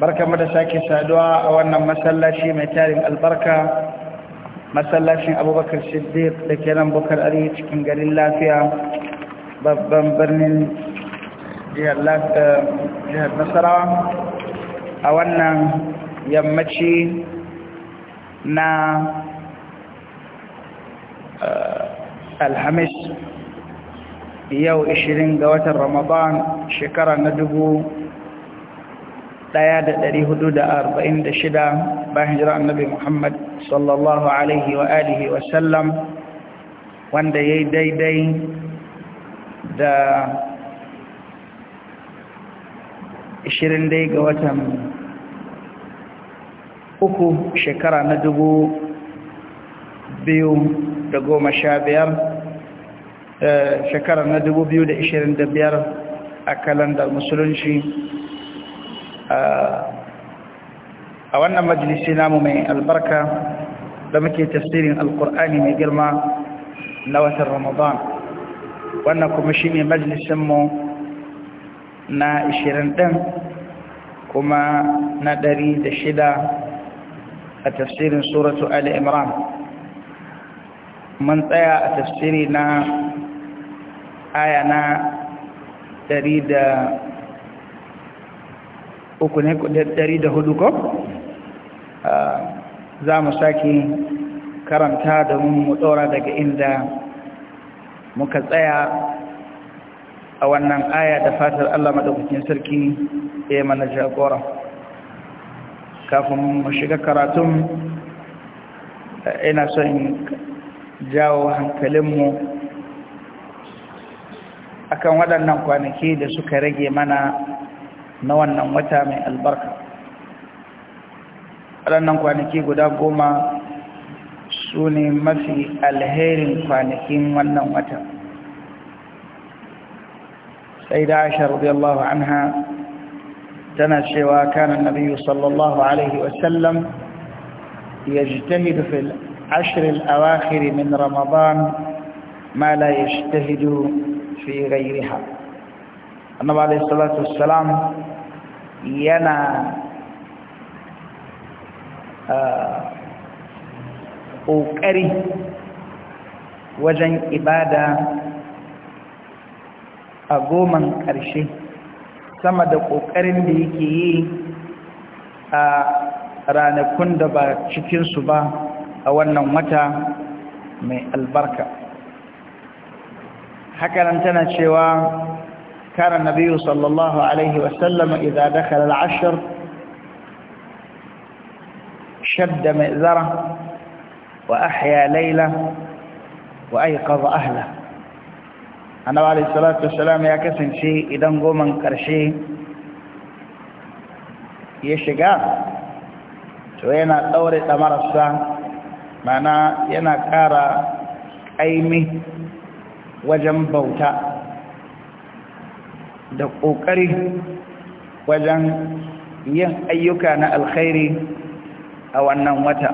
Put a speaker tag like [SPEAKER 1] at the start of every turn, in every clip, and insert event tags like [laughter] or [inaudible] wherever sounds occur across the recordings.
[SPEAKER 1] barkamu da sake saduwa a wannan masallaci mai tarin albarka masallacin abubakar siddiq da ke nan bukar ari cikin garin lafiya babban birnin jihar eh, nasarawa a wannan yammaci na eh, alhamis yau 20 ga watan ramadan shekara na dubu shida bayan jira annabi Muhammad sallallahu alaihi wa alihi wa sallam wanda yi daidai da 20 dai ga watan uku shekara na dubu biyu da goma sha biyar eh, shekara na dubu biyu da ishirin da biyar a kalandar musulunci Ah, a wannan majalisi namu mai albarka da muke tafsirin alkur'ani mai girma na watan ramadan wannan kuma shi ne majalisinmu na 20 ɗin kuma na 106 a tafsirin suratu ali imran mun tsaya a tafsiri na aya na uku ne ɗari da hudu ko za mu sake karanta mun mu ɗora daga inda muka tsaya a wannan aya da fatar Allah maɗaukacin sarki ya mana jagora kafin mu shiga karatun ina son jawo hankalinmu akan waɗannan kwanaki da suka rage mana na wannan wata mai albarka waɗannan kwanaki guda goma su ne mafi alherin kwanakin wannan wata sai da aisha radiyallahu anha tana cewa kanan nabiyu sallallahu alaihi wasallam يجتهد في العشر الأواخر من رمضان ما لا يجتهد في غيرها النبي عليه الصلاة والسلام yana ƙoƙari wajen ibada a goman ƙarshe sama da ƙoƙarin da yake yi a ranakun da ba cikinsu ba a wannan wata mai albarka hakanan tana cewa كان النبي صلى الله عليه وسلم إذا دخل العشر شد مئذره وأحيا ليلة وأيقظ أهله أنا عليه الصلاة والسلام يا كسن شيء إذا من كرشي يشقى وينا دورة تمرسا معنا ينا كارا أيمي وجنبوتا da ƙoƙari wajen yin ayyuka na alkhairi a wannan wata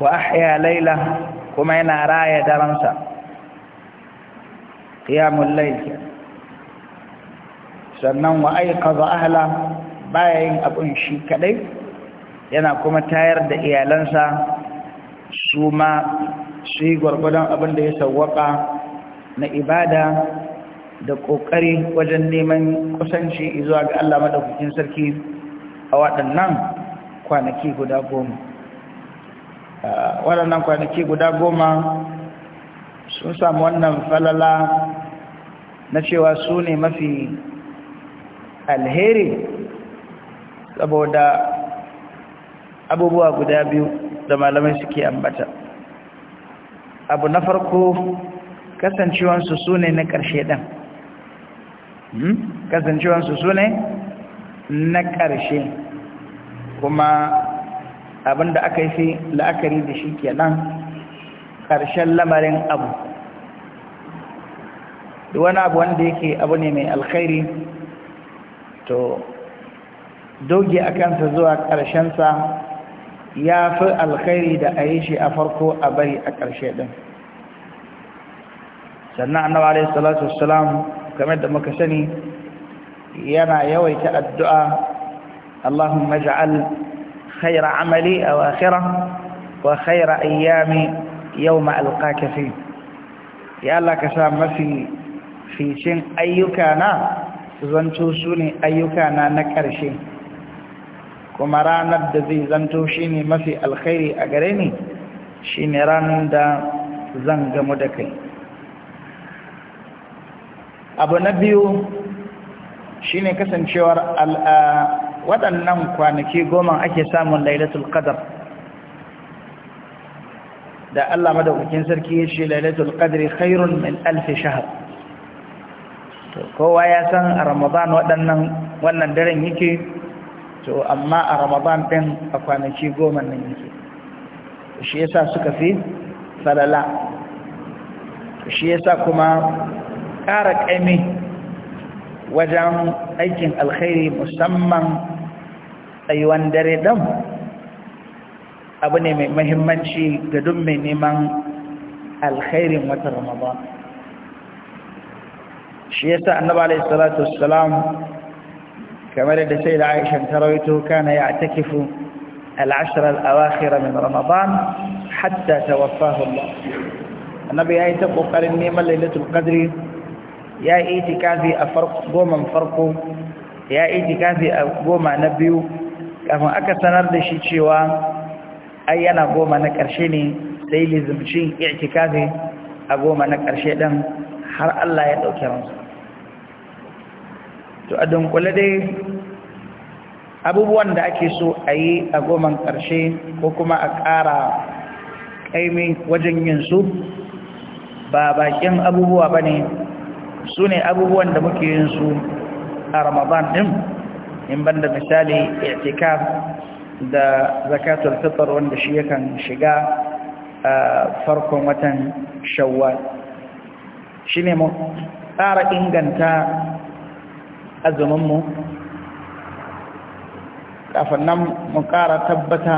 [SPEAKER 1] wa ahya laila kuma yana raya daransa qiyamul layl sannan wa aiqadha ahla bayin abun shi kadai yana kuma tayar da iyalansa su ma su yi abin da ya sawwaka na ibada da ƙoƙari wajen neman kusanci zuwa ga Allah maɗaukakin sarki a waɗannan kwanaki guda goma waɗannan kwanaki guda goma sun samu wannan falala na cewa su ne mafi alheri saboda abubuwa guda biyu da malamai suke ambata abu na farko kasancewansu su ne na ƙarshe ɗan Hmm? kasancewansu su ne na ƙarshe kuma abinda aka yi fi la'akari da shi ke nan ƙarshen lamarin abu da wani abu wanda yake abu ne mai alkhairi to doge a kansa zuwa ƙarshensa ya fi alkhairi da a yi shi a farko a bari a ƙarshe ɗin sannan annawa alaihi salatu wasu kamar da muka sani yana yawaita addu'a Allahumma ja'al khaira amali a wakira wa khaira ayyami yau ma'alƙa fi ya Allah ka sa mafi ficin ayyuka na zanto su ne ayyuka na na ƙarshe kuma ranar da zai zanto shi ne mafi alkhairi a gare ni shi ne ranar da zan gamu da kai abu na biyu shine kasancewar waɗannan kwanaki goma ake samun lailatul qadar da Allah madaukakin sarki ya ce lailatul qadri khairun min alfi shahar to kowa ya san a ramadan waɗannan wannan daren yake to amma a ramadan ɗin a kwanaki goma nan yake shi yasa suka fi falala shi yasa kuma ƙara ƙaimi wajen aikin alkhairi musamman tsayuwan dare ɗan abu ne mai mahimmanci ga duk mai neman alkhairin watan ramadan shi yasa annaba alaihi salatu wassalam kamar da sai da aisha ta rawaito kana ya takifu al-ashr al-awakhir min ramadan hatta tawaffahu Allah annabi yayi ta kokarin neman lailatul qadri ya yi itikafi a goman farko ya itikafi a goma na biyu kafin aka sanar da shi cewa ai yana goma na ƙarshe ne sai lizimci itikafi a goma na ƙarshe ɗin har Allah ya ɗauki ransu to a dunkule dai abubuwan da ake so a yi a goman ƙarshe ko kuma a ƙara ƙaimi wajen yin su ba bakin abubuwa ba ne su ne abubuwan da muke yin su a ramadan din in banda misali i'tikaf da zakatul fitr wanda shi yakan shiga a farkon watan shawwal shine mu tsara inganta azumin mu kafin nan mu ƙara tabbata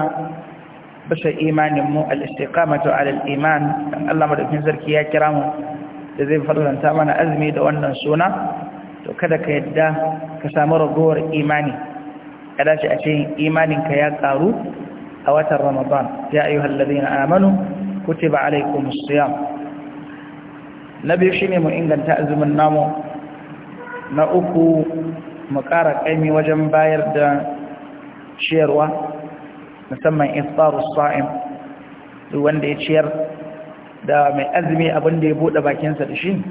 [SPEAKER 1] bisa imaninmu al'istiƙamatu al'iman ɗan Allah madafin sarki ya kira mu da zai farlanta mana azumi da wannan suna to kada ka yadda ka samu ragowar imani ya dace a ce imaninka ya karu a watan ramadan ya ayyuha alladhina amanu kutiba alaykumus siyam na biyu shine mu inganta azumin namu na uku mu ƙara ƙaimi wajen bayar da ciyarwa musamman iftarus sa'im duk wanda ya ciyar da mai azumi abin da ya buɗe bakinsa da shi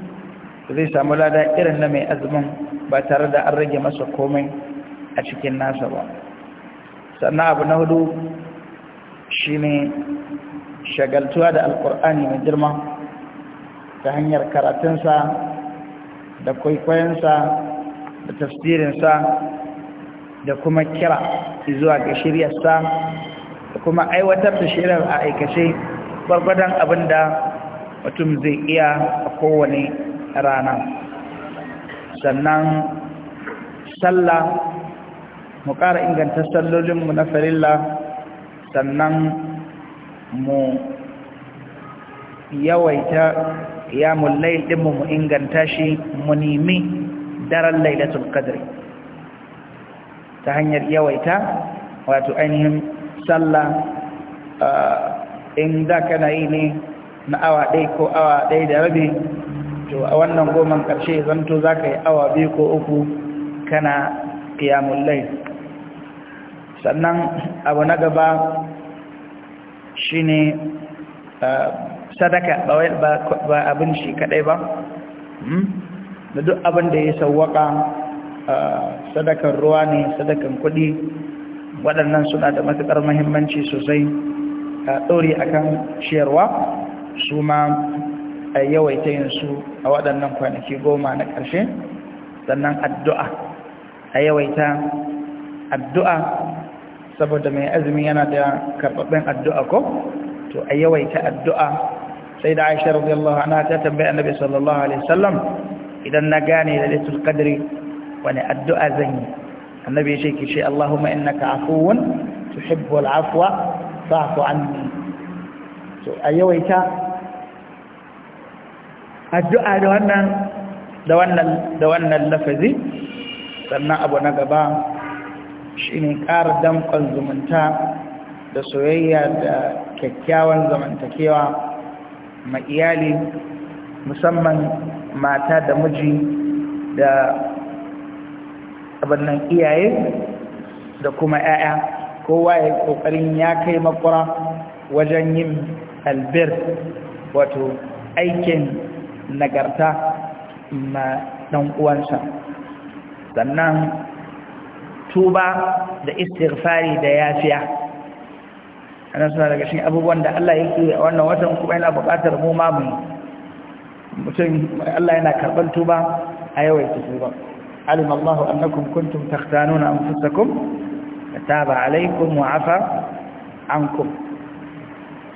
[SPEAKER 1] zai samu lada irin na mai azumin ba tare da an rage masa komai a cikin nasa ba sannan abu na hudu shi ne shagaltuwa da alkur'ani mai girma ta hanyar karatunsa da kwaikwayonsa da tafsirinsa da kuma kira zuwa ga shiryarsa da kuma aiwatar da shirar a aikace gwargwadon abin da mutum zai iya a kowane rana sannan sallah mu ƙara inganta sallolinmu na farilla sannan mu yawaita ya mullai ɗinmu mu inganta shi mu nemi daren lailatul qadri ta hanyar yawaita wato ainihin sallah ah, in da na yi ne na awa ɗai ko awa ɗai da rabi to a wannan goman ƙarshe zanto za ka yi awa biyu ko uku kana kiyamullai sannan abu na gaba shi ne sadaka ba abin shi kaɗai ba hmm? da duk abin da ya sauwaka sadakan ruwa ne sadakan kuɗi waɗannan suna da matuƙar mahimmanci sosai ɗori akan ciyarwa su ma yawaita yinsu a waɗannan kwanaki goma na ƙarshe sannan addu'a a yawaita addu'a saboda mai azumi yana da karɓaɓɓen addu'a ko to a yawaita addu'a sai da aisha radiyallahu anha ta tambaye annabi sallallahu alaihi sallam. idan na gane da litul qadri wani addu'a zan yi annabi ya ki ce Allahumma innaka afuwun tuhibbul afwa fa'fu anni to a yawaita addu'a da wannan da wannan da wannan lafazi sannan abu na gaba shine ƙara damƙon zumunta da soyayya da kyakkyawan zamantakewa ma iyali musamman mata da miji da abannan iyaye da kuma 'ya'ya kowa ya kokarin ya kai makura wajen yin albir wato aikin nagarta na dan uwansa sannan tuba da istighfari da yafiya ana suna daga shi abubuwan da Allah yake a wannan watan kuma yana buƙatar mu ma mu mutum Allah yana karɓar tuba a yawaita tuba alim Allahu annakum kuntum takhtanuna anfusakum taba alaikum wa afa ankum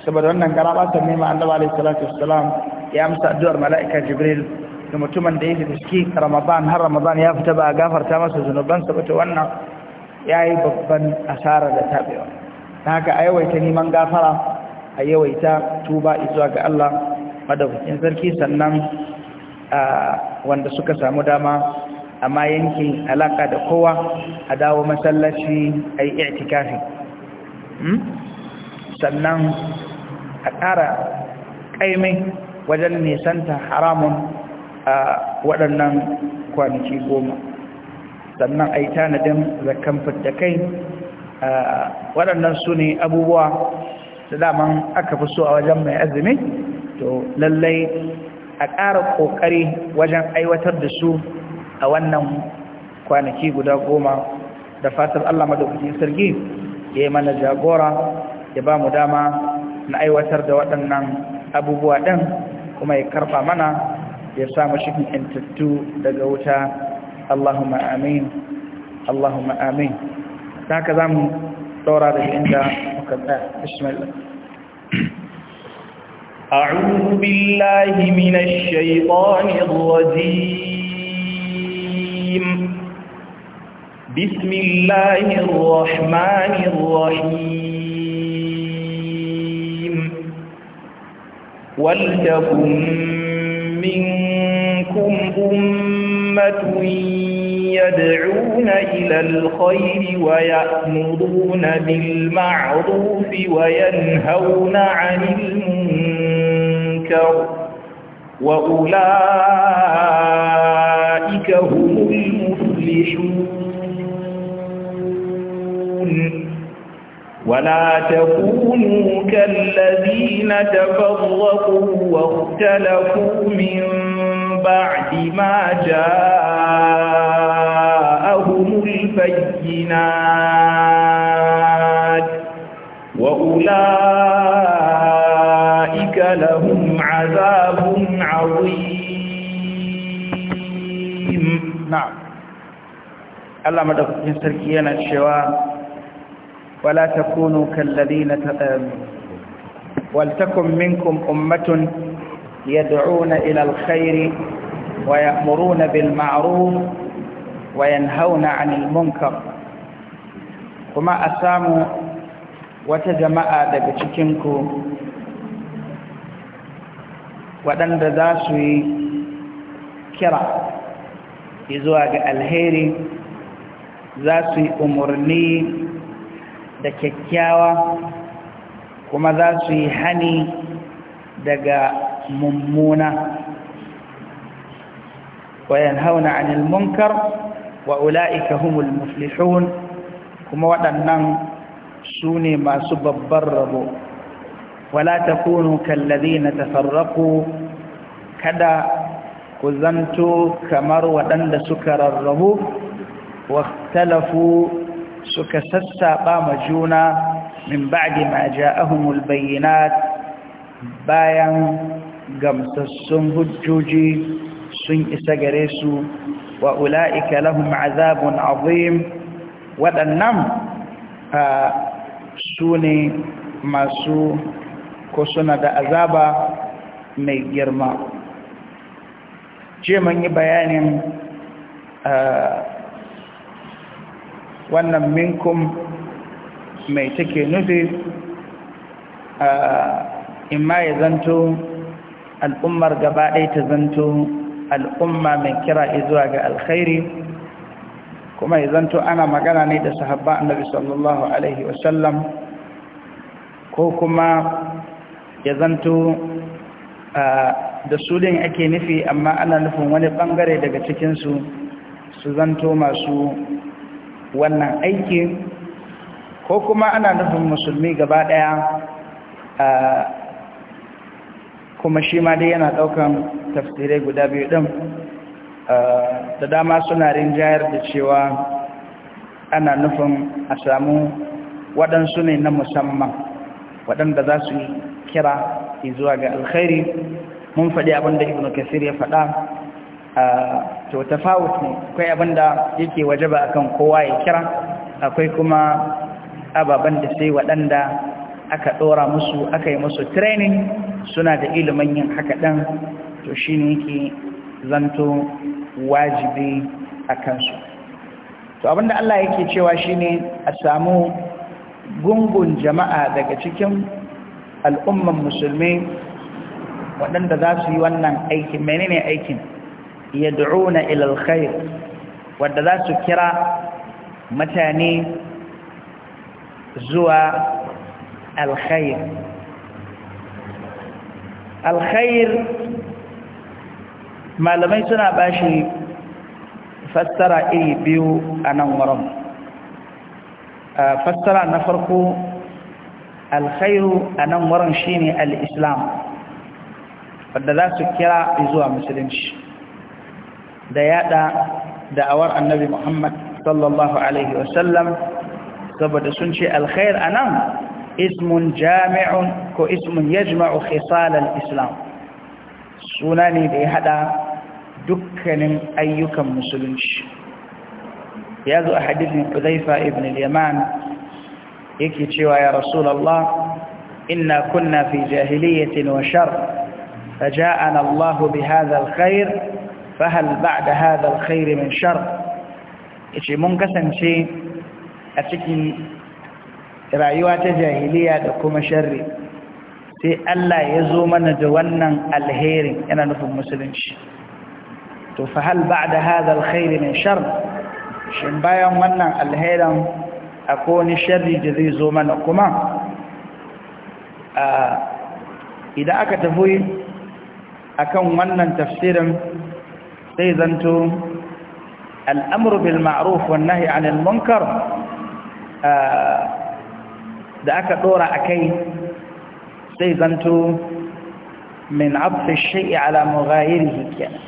[SPEAKER 1] saboda wannan karaba ta nema annabi alaihi salatu wassalam ya amsa addu'ar mala'ika jibril da mutumin da yake cikin ramadan har ramadan ya fita ba gafarta masa zunuban saboda to wannan yayi babban asara da tabewa haka a yawaita neman gafara a yawaita tuba zuwa ga Allah madaukakin sarki sannan wanda suka samu dama amma yankin alaka da kowa a dawo masallaci a yi i'tikafi hmm? sannan a ƙara ƙaimai wajen nisanta haramun a waɗannan kwanaki goma sannan a yi tanadin zakan kai waɗannan su ne abubuwa da dama aka fi so a wajen mai azumi to lallai a ƙara ƙoƙari wajen aiwatar da su a wannan kwanaki guda goma da fatar Allah madaukakin sarki ya yi mana jagora ya ba mu dama na aiwatar da waɗannan abubuwa ɗin kuma ya karɓa mana ya samu shi intattu daga wuta Allahumma amin Allahumma amin ta haka za mu ɗora da inda muka tsaya bismillah أعوذ بالله من الشيطان الرجيم بسم الله الرحمن الرحيم ولتكن منكم أمة يدعون إلى الخير ويأمرون بالمعروف وينهون عن المنكر وأولئك هم المفلحون ولا تكونوا كالذين تفرقوا واختلفوا من بعد ما جاءهم الفينات وأولئك لهم عذاب عظيم نعم الله مدفع يسركينا الشواء ولا تكونوا كالذين ولتكن منكم أمة يدعون إلى الخير ويأمرون بالمعروف وينهون عن المنكر كما أسامو وتجمع دبتشكنكو ودن رداسوي كرا إزواج الهيري ذاسوي أمرني da kyakkyawa kuma za su yi hani daga mummuna wayan hauna anil munkar wa ula'ika humul muflihun kuma waɗannan su ne masu babbar rabo wala ta kunu kallazi na tafarraku kada ku zanto kamar waɗanda suka rarrabu wa talafu suka sassaɓa ma juna min ba'di ma ja'ahumul bayyinat bayan gamsassun hujjoji sun isa gare su wa ula'ika lahum azabun azim waɗannan su ne masu ko suna da azaba mai girma ce mun yi bayanin wannan minkum mai take nufi in ma ya zanto al'ummar gaba ɗaya ta zanto al'umma mai kira zuwa ga alkhairi kuma ya zanto ana magana ne da sahabba annabi sallallahu alaihi wasallam ko kuma ya zanto da sulin ake nufi amma ana nufin wani bangare daga cikinsu su zanto masu wannan aiki ko kuma ana nufin musulmi gaba ɗaya kuma shi ma dai yana ɗaukan tafsirai guda biyu din da dama suna rinjayar da cewa ana nufin a samu waɗansu ne na musamman waɗanda za su kira zuwa ga alkhairi mun faɗi abinda ibn kasir ya faɗa to tafawut ne akwai abin da yake wajaba akan kowa ya kira akwai kuma ababen da sai waɗanda aka ɗora musu aka yi musu training suna da ilimin yin haka ɗan to shi ne yake zanto wajibi a kansu to abinda Allah yake cewa shi ne a samu gungun jama'a daga cikin al'umman musulmi waɗanda za su yi wannan aikin menene aikin yad'una ila alkhair wadda za su kira mutane zuwa alkhair alkhair malamai suna bashi fassara iri biyu a nan wurin fassara na farko alkhairu a nan wurin shine al-islam wadda za su kira zuwa musulunci da yada da'awar annabi Muhammad sallallahu alaihi wasallam saboda sun ce alkhair anan ismun jami'un ko ismun yajma'u khisal al-islam sunani da ya hada dukkanin ayyukan musulunci ya zo a hadisin Uzaifa ibn al-Yaman yake cewa ya Rasulullah inna إنا كنا في جاهلية وشر فجاءنا الله بهذا الخير fahal ba'da hadha alkhair min shar yace mun kasance a cikin rayuwa ta jahiliya da kuma sharri sai Allah ya zo mana da wannan alherin yana nufin musulunci to fahal ba'da hadha alkhair min shar shin bayan wannan alherin akwai wani sharri da zai zo mana kuma idan aka tafi akan wannan tafsirin sai zanto al'amuru bil ma'aruf wan nahi anil munkar da aka a kai sai zanto min abfi shay'i ala mughayrihi kenan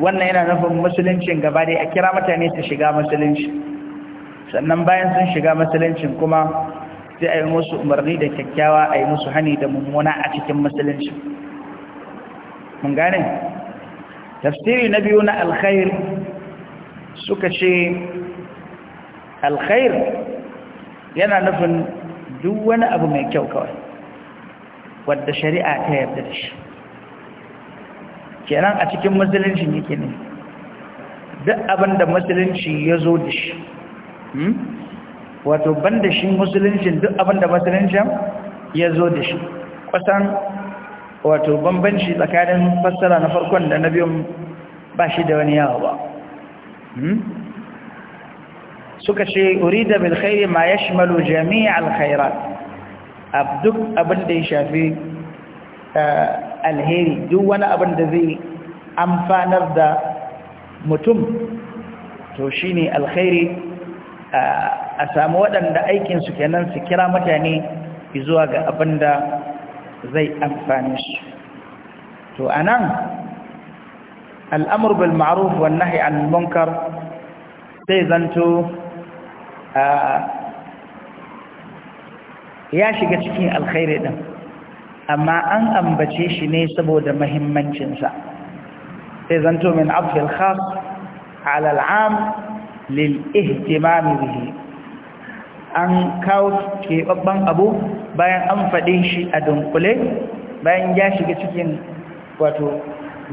[SPEAKER 1] wannan yana nufin musuluncin gaba dai a kira mutane su shiga musulunci sannan bayan sun shiga musuluncin kuma sai a yi musu umarni da kyakkyawa a yi musu hani da mummuna a cikin musulunci mun gane tafsiri na biyu na alkhair suka ce alkhair yana nufin duk wani abu mai kyau kawai wadda shari'a ta yarda da shi kenan a cikin musulunci yake ne duk abin da musulunci ya zo da shi hmm? wato ban da shi musuluncin duk abin da musuluncin ya zo da shi kwasan. wato bambanci tsakanin fassara na farkon da na biyun ba shi da wani yawa ba hmm? suka ce urida bil khairi ma yashmalu jami' al khairat abduk abin da ya shafi eh, alheri duk wani abin da zai amfanar da mutum to shi ne alkhairi eh, a samu waɗanda aikinsu kenan su kira mutane zuwa ga abin da zai amfane shi to anan al'amur bil ma'ruf wan nahi an munkar sai zanto ya shiga cikin alkhairi din amma an ambace shi ne saboda mahimmancinsa sai zanto min afdal khas ala al'am lil ihtimam bihi an kawo keɓaɓɓen abu bayan an faɗin shi a dunkule bayan ya shiga cikin wato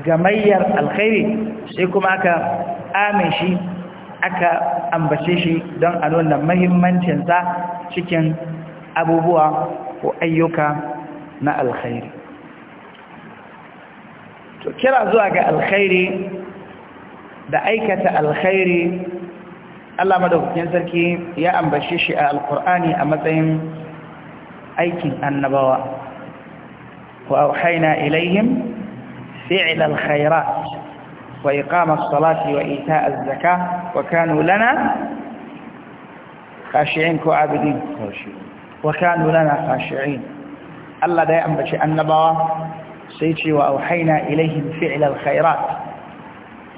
[SPEAKER 1] gamayyar alkhairi sai kuma aka amin shi aka ambace shi don a nuna mahimmancinsa cikin abubuwa ko ayyuka na alkhairi to kira zuwa ga alkhairi da aikata alkhairi Allah madaukakin sarki ya ambace shi a alkur'ani a matsayin aikin annabawa wa auhayna ilaihim fi'l alkhairat wa iqama as-salati wa ita'a az-zakah wa kanu lana khashi'in ko abidin wa kanu lana khashi'in Allah da ya ambace annabawa sai ce wa auhayna ilaihim fi'l alkhairat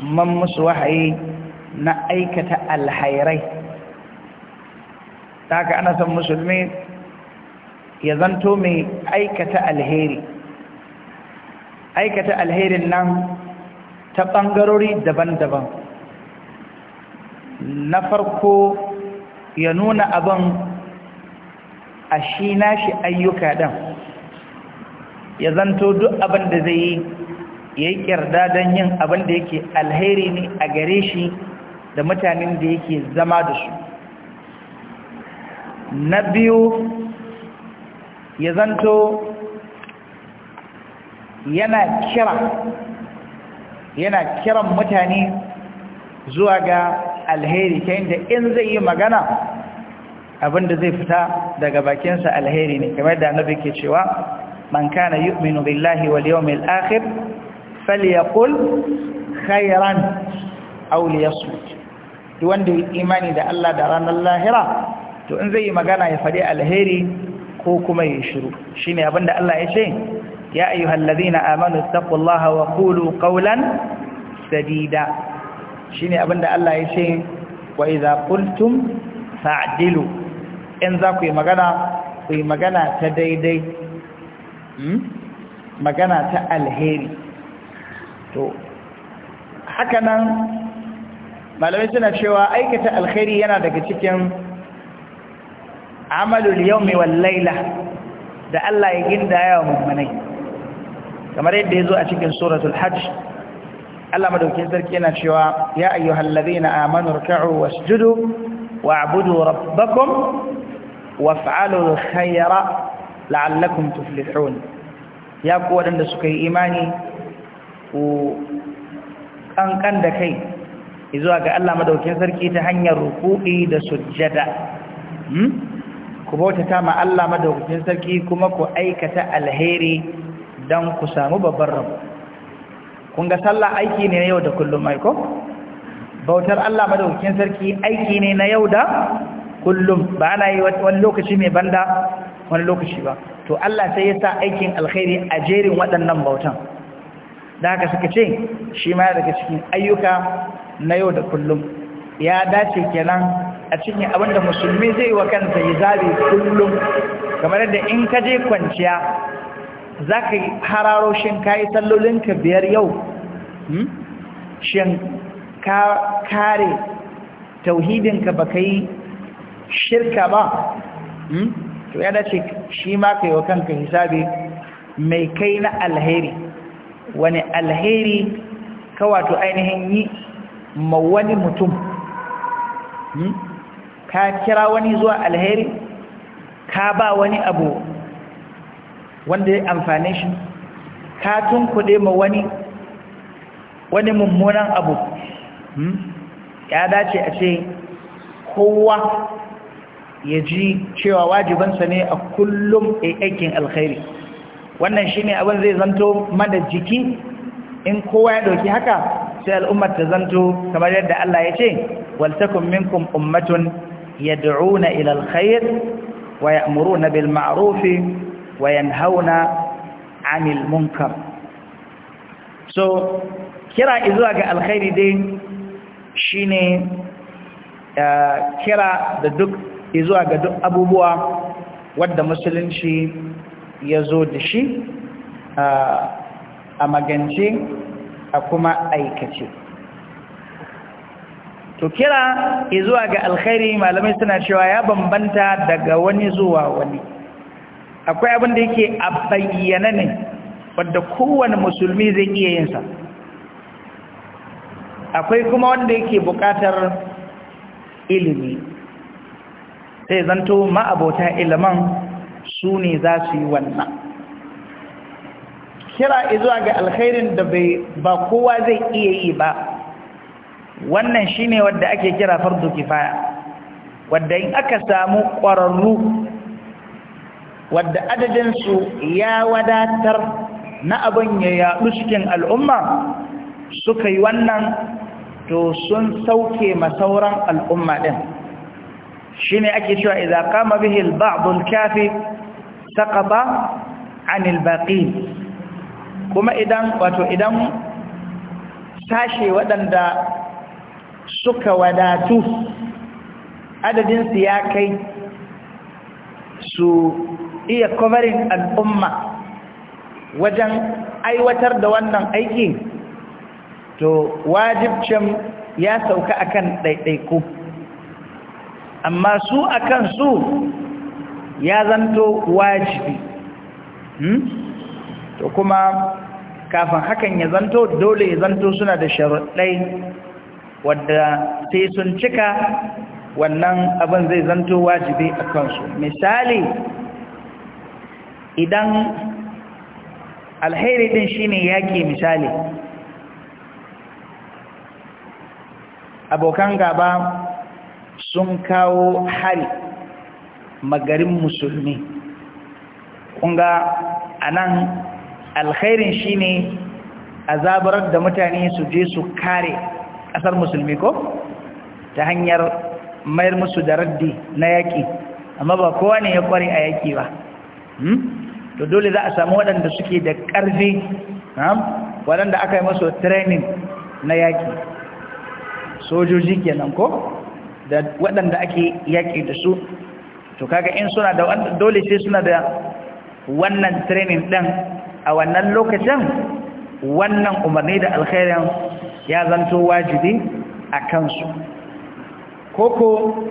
[SPEAKER 1] man musu wahayi na aikata alhairai ta haka ana son musulmi ya zanto mai aikata alheri aikata alherin nan ta ɓangarori daban-daban na farko ya nuna abin a shi nashi ayyuka ɗan ya zanto duk abin da zai yi ya yi ƙyarda don yin abin da yake alheri ne a gare shi da mutanen da yake zama da su na biyu ya zanto yana kira yana kiran mutane zuwa ga alheri ta yin in zai yi magana abinda zai fita daga bakinsa alheri ne kamar da na ke cewa man kana yu'minu billahi wal yawmil akhir falyaqul khayran aw liyasmut duk wanda ya imani da Allah da ranar lahira to in zai yi magana ya faɗi alheri ko kuma ya shiru shine da Allah ya ce ya ayyuhal ladina amanu taqullaha wa qulu qawlan sadida shine da Allah ya ce wa idza qultum fa'dilu in za ku yi magana ku yi magana ta daidai hmm? magana ta alheri to nan. malamai suna cewa aikata alkhairi yana daga cikin amalul yawmi wal laila da Allah ya gindaya wa mummunai kamar yadda ya zo a cikin suratul hajj Allah madaukin sarki yana cewa ya ayyuhal ladina amanu ruk'u wasjudu wa'budu rabbakum waf'alul khayra la'allakum tuflihun ya ku waɗanda suka yi imani ku ƙanƙan da kai izuwa ga Allah madaukin sarki ta hanyar ruku'i da sujjada hmm? ku bautata ma Allah Madaukin sarki kuma ku aikata alheri don ku samu babbar rabu kun ga sallah aiki ne na yau da kullum mai ko bautar Allah Madaukin sarki aiki ne na yau da kullum ba ana yi wani lokaci mai banda wani lokaci ba to Allah sai ya sa aikin alheri a jerin waɗannan bautan da haka suka ce shi ma daga cikin ayyuka na yau da kullum ya dace kenan a cikin abinda musulmi zai wa kansa yi zabi kullum kamar da in ka je kwanciya za ka yi hararo shin ka yi ka biyar yau hmm? shin ka kare tauhidinka ba ka yi shirka ba hmm? to ya dace shi ma ka yi wa kanka hisabi mai kai na alheri wani alheri ka wato ainihin yi ma wani mutum hmm? ka kira wani zuwa alheri ka ba wani abu wanda ya amfane shi ka tun kuɗe ma wani wani mummunan abu hmm? ya dace a ce kowa ya ji cewa wajibansa ne a kullum a aikin alkhairi wannan shi ne abin zai zanto mana jiki in kowa ya ɗauki haka sai al'ummar ta zanto kamar yadda Allah ya ce waltakum minkum ummatun yad'una ila alkhair wa na bil ma'ruf wa na amil munkar so kira izuwa ga alkhairi dai shine eh, kira da duk izuwa ga duk abubuwa wadda musulunci ya zo da shi eh, a magance a kuma aikace to kira zuwa ga alkhairi malamai suna cewa ya bambanta daga wani zuwa wani akwai abin da yake a bayyana ne wadda kowane musulmi zai iya yinsa akwai kuma wanda yake buƙatar ilimi sai zanto ma'abota ilimin su ne za su yi wannan kira izuwa ga alkhairin da bai ba kowa zai iya yi ba wannan shine wadda ake kira fardu kifaya Wadda in aka samu ƙwararru wadda adadinsu ya wadatar na abin ya yaɗu cikin al'umma suka yi wannan to sun sauke masauran al'umma ɗin shi ne ake cewa iza kama bihil ba'adun kafi saƙaɓa anil baƙi kuma idan wato idan sashe waɗanda suka wadatu adadinsu ya kai su iya covering al'umma wajen aiwatar da wannan aiki to wajibcin ya sauka akan ɗaiɗaiku amma su akan su ya zanto wajibi hmm? to kuma kafin hakan ya zanto dole ya zanto suna da sharuɗai wadda sai sun cika wannan abin zai zanto wajibi a kansu misali idan alheri din shine yaƙi misali abokan gaba sun kawo hari magarin musulmi kunga nan…. alkhairin shine azabar da mutane su je su kare kasar musulmi ko ta hanyar mayar musu da raddi na yaki amma ba kowa ne ya kware a yaki ba hmm? to dole za a samu waɗanda suke da ƙarfi waɗanda aka yi masu training na yaki sojoji kenan ko da waɗanda ake yaki da su to kaga in suna da dole sai suna da wannan training ɗin a wannan lokacin wannan umarni da alkhairin ya zanto wajibi a kansu koko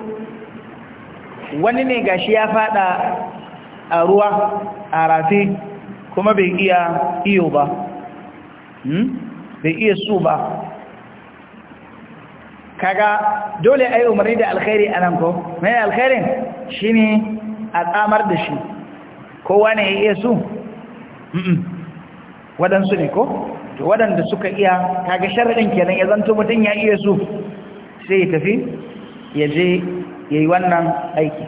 [SPEAKER 1] wani ne gashi ya fada a ruwa a rafi kuma bai iya iyo ba hmm? bai iya su ba kaga dole ai umarni da alkhairi anan ko mai alkhairin shine a tsamar da shi kowa ne ya iya su waɗansu ne ko to waɗanda suka iya kaga sharaɗin kenan ya zanto mutum ya iya su sai ya tafi ya je ya yi wannan aiki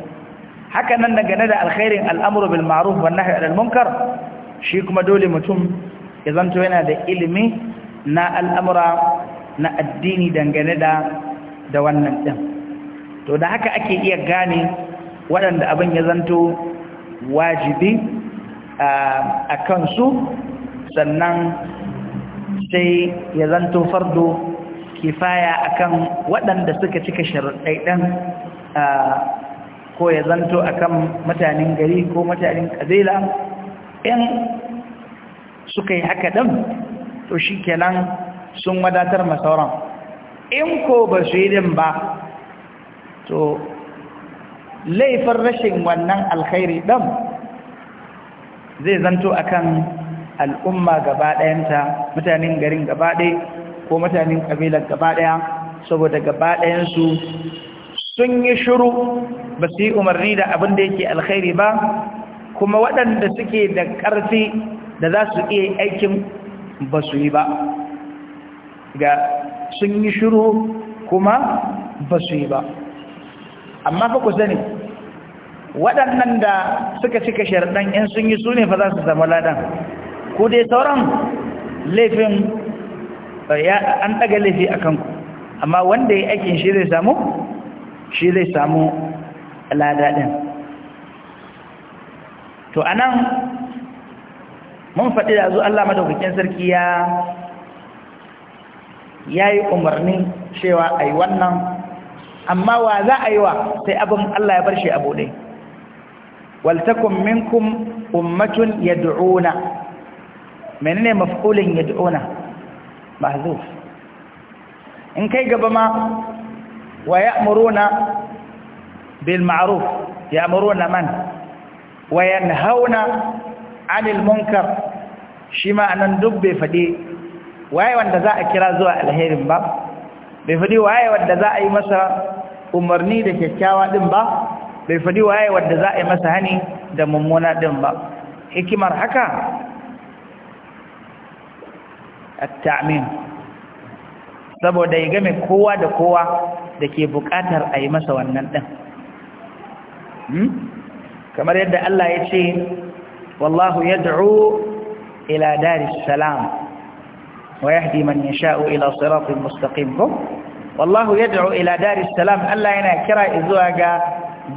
[SPEAKER 1] haka nan dangane da alkhairin al'amuru bil ma'ruf wa munkar shi kuma dole mutum ya zanto yana da ilimi na al'amura na addini dangane da da wannan ɗin to da haka ake iya gane waɗanda abin ya zanto wajibi a kansu sannan sai ya zanto fardo kifaya kan waɗanda suka cika sharɗaiɗan ko ya zanto a kan mutanen gari ko mutanen ƙazila in suka yi haka ɗin to shi kenan sun wadatar masauran in ko ba su yi ɗin ba to laifin rashin wannan alkhairi ɗin zai zanto a kan al'umma gabaɗayanta, mutanen garin gaba ko mutanen ƙabilar gabaɗaya, saboda gaba ɗayansu sun yi shuru ba su yi umarni da abin da yake alkhairi ba kuma waɗanda suke da ƙarfi da za su iya aikin ba su yi ba ga sun yi shuru kuma ba su yi ba amma fa ku sani waɗannan da suka cika sharɗan in sun yi su ne fa za su zama ladan ko dai sauran laifin eh, an ɗaga laifi a kanku amma wanda ya aikin shi zai samu shi zai samu lada ɗin to a nan mun faɗi da zo Allah madaukakin sarki ya ya yi umarni cewa a yi wannan amma wa za a yi wa sai abin Allah ya bar shi abu ɗai ولتكن منكم أمة يدعون من أين مفعول يدعون محذوف إن كي قبما ويأمرون بالمعروف يأمرون من وينهون عن المنكر شما أن ندب فدي وأي وان دزاء كرازوا الهير بفدي وأي وان دزاء مثلا أمرني لكي كاوان باب bai faɗi waye wadda za a yi masa hani da mummuna ɗin ba hikimar haka at saboda ya game kowa da kowa da ke bukatar a yi masa wannan ɗin hmm? kamar yadda Allah ya ce wallahu ya yad'u ila daris salam wa ya man yasha'u ila siratin mustaqim wallahu ya yad'u ila daris salam Allah yana kira zuwa ga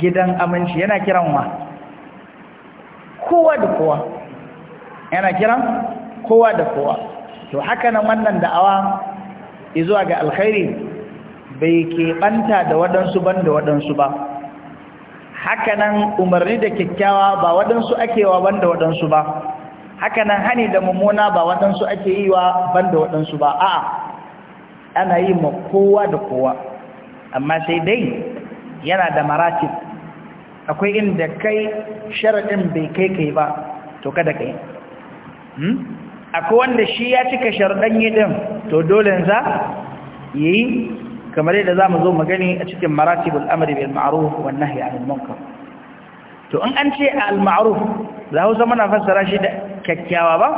[SPEAKER 1] gidan aminci yana kiran wa kowa da kowa yana kiran kowa da kowa to haka nan wannan da'awa izuwa ga alkhairi bai keɓanta da waɗansu ban da waɗansu ba haka nan umarni da kyakkyawa ba waɗansu ake wa ban da waɗansu ba haka nan hani da mummuna ba waɗansu ake yi wa ban da waɗansu ba a'a ana yi ma kowa da kowa amma sai dai yana da maratif akwai inda kai sharaɗin bai kai kai ba to kada kai hmm? akwai wanda shi ya cika sharaɗin yi ɗin to dole za yi kamar yadda za mu zo magani a cikin maratibul amri bil ma'ruf wannan ya anil to in an ce al ma'ruf da Hausa muna fassara shi da kyakkyawa ba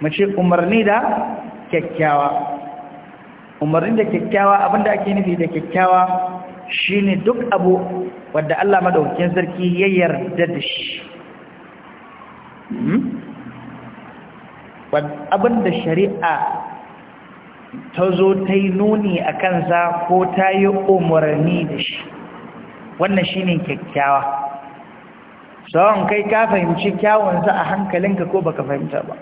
[SPEAKER 1] mu ce umarni da kyakkyawa umarni da kyakkyawa abinda ake nufi da kyakkyawa ne duk abu wadda Allah maɗaukin sarki ya yarda da shi hmm? abin da shari'a ta zo ta yi nuni a kansa ko ta yi umarni da shi wannan shi ne kyakkyawa tsawon kai ka fahimci kyawunsa a hankalinka ko baka fahimta ba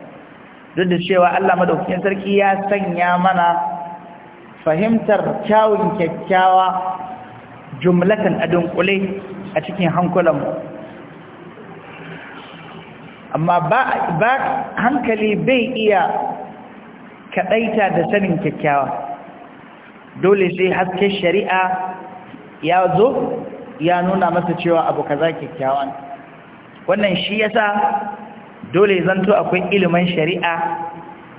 [SPEAKER 1] duk da cewa Allah maɗaukin sarki ya sanya mana fahimtar kyawun kyakkyawa jumlatan a kule a cikin hankulanmu amma ba hankali bai iya kaɗaita da sanin kyakkyawa dole sai hasken shari'a ya zo ya nuna masa cewa abu kaza kyakkyawan wannan shi yasa dole zanto akwai ilimin shari'a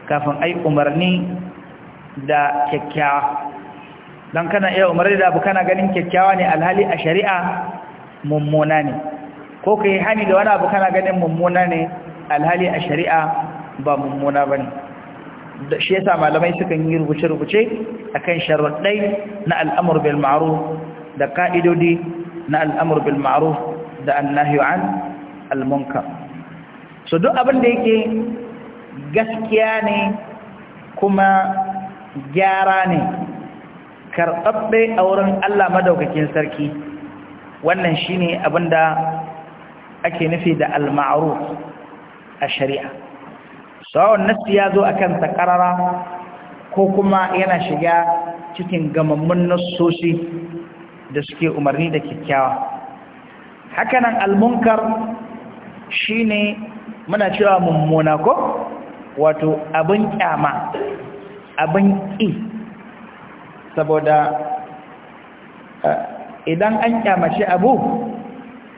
[SPEAKER 1] kafin ai umarni da kyakkyawa don kana iya umarni da abu kana ganin kyakkyawa ne alhali a shari'a mummuna ne ko ka yi hani da wani abu kana ganin mummuna ne alhali a shari'a ba mummuna ba ne shi yasa malamai sukan yi rubuce-rubuce akan sharaɗai na al'amur bil da ka'idodi na al'amur bil da annahiyu an al so duk abin da yake gaskiya ne kuma gyara ne karɓaɓɓe a wurin Allah madaukakin sarki wannan shine da ake nufi da almaru a shari'a sawon nasi ya zo a kan takarara ko kuma yana shiga cikin gamammun nassoshi da suke umarni da kyakkyawa hakanan almunkar shi shine muna cewa mummuna ko wato abin kyama abin ƙi saboda eh, idan an kyamashi abu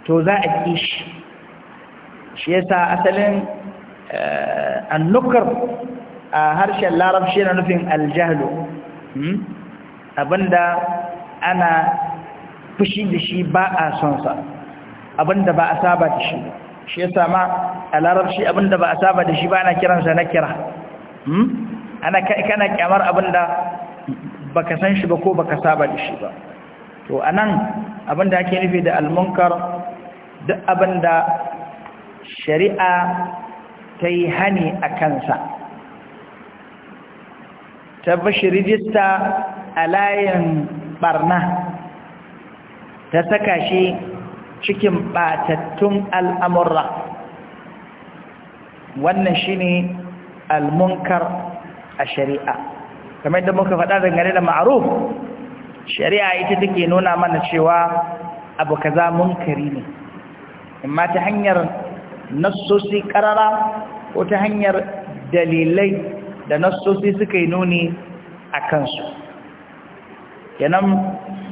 [SPEAKER 1] to za a kishi shi yasa asalin eh, annukar a harshen larabci na nufin aljahlu hmm? abinda ana fushi da shi ba a sonsa abinda ba a saba da shi shi yasa ma a larabci abinda ba a saba da shi ba ana kiransa na kira hmm? ana kana kyamar abinda baka san shi ba ko baka saba da shi ba to anan abinda ake nufi da almunkar duk abinda shari'a ta yi hani a kansa ta bashi rijista a layin barna ta saka shi cikin batattun al'amurra wannan shine almunkar a shari'a kamar yadda muka faɗa dangane da ma'aruf shari'a ita take nuna mana cewa abu kaza munkari ne amma ta hanyar nassosi karara ko ta hanyar dalilai da nassosi suka yi nuni a kansu kenan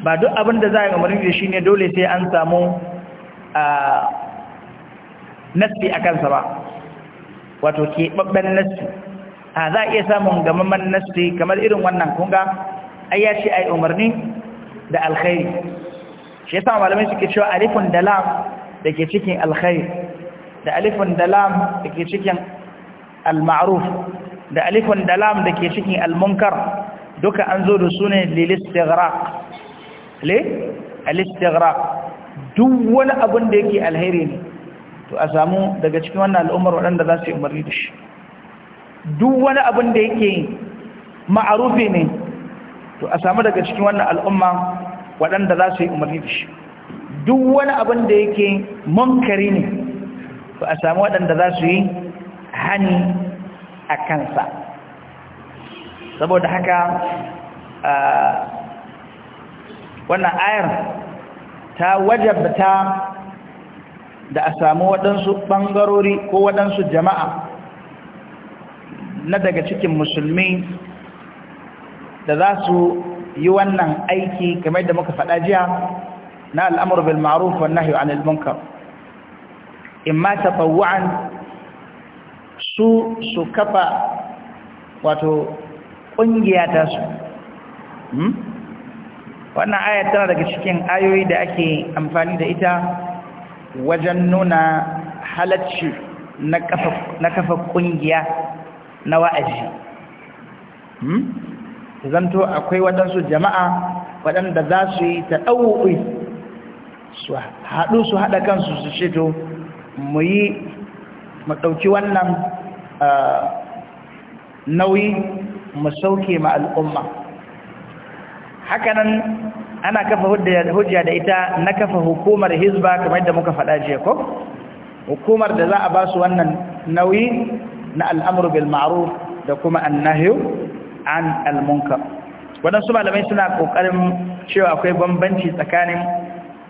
[SPEAKER 1] ba duk abin da za a umarni da shi ne dole sai an samu nassi a kansa ba wato keɓaɓɓen nassi a za a iya samun gamaman nasti kamar irin wannan kunga ai ya ce ai umarni da alkhairi shi ya yasa malamai suke cewa alifun da lam da ke cikin alkhairi da alifun da lam da ke cikin almaruf da alifun da lam da ke cikin almunkar duka an zo da su ne lilistighraq le alistighraq duk wani abin da yake alheri ne to a samu daga cikin wannan al'ummar waɗanda za su yi umarni da shi duk wani abin da yake ma'arufi ne to a samu daga cikin wannan al'umma waɗanda za su yi umarni da shi duk wani abin da yake munkari ne to a samu waɗanda za su yi hani a kansa saboda haka wannan ayar ta wajabta da a samu waɗansu ɓangarori ko waɗansu jama'a na daga cikin musulmi da za su yi wannan aiki kamar da muka faɗa jiya na al'amur bil ma'ruf wa nahyu anil munkar ta tatawwan su su kafa wato ƙungiya ta su hmm? wannan ayat tana daga cikin ayoyi da ake amfani da ita wajen nuna halacci na kafa ƙungiya. na wa'azi hmm? zanto akwai waɗansu jama'a waɗanda za su yi ta ɗau'i su haɗu su haɗa kansu su shito mu yi mu ɗauki wannan nauyi mu sauke ma al'umma hakanan ana kafa hujja da ita na kafa hukumar hizba kamar da muka faɗa jiya ko hukumar da za a ba su wannan nauyi na al'amuru bil ma'ruf da kuma annahyu an al-munkar waɗansu malamai suna ƙoƙarin cewa akwai bambanci tsakanin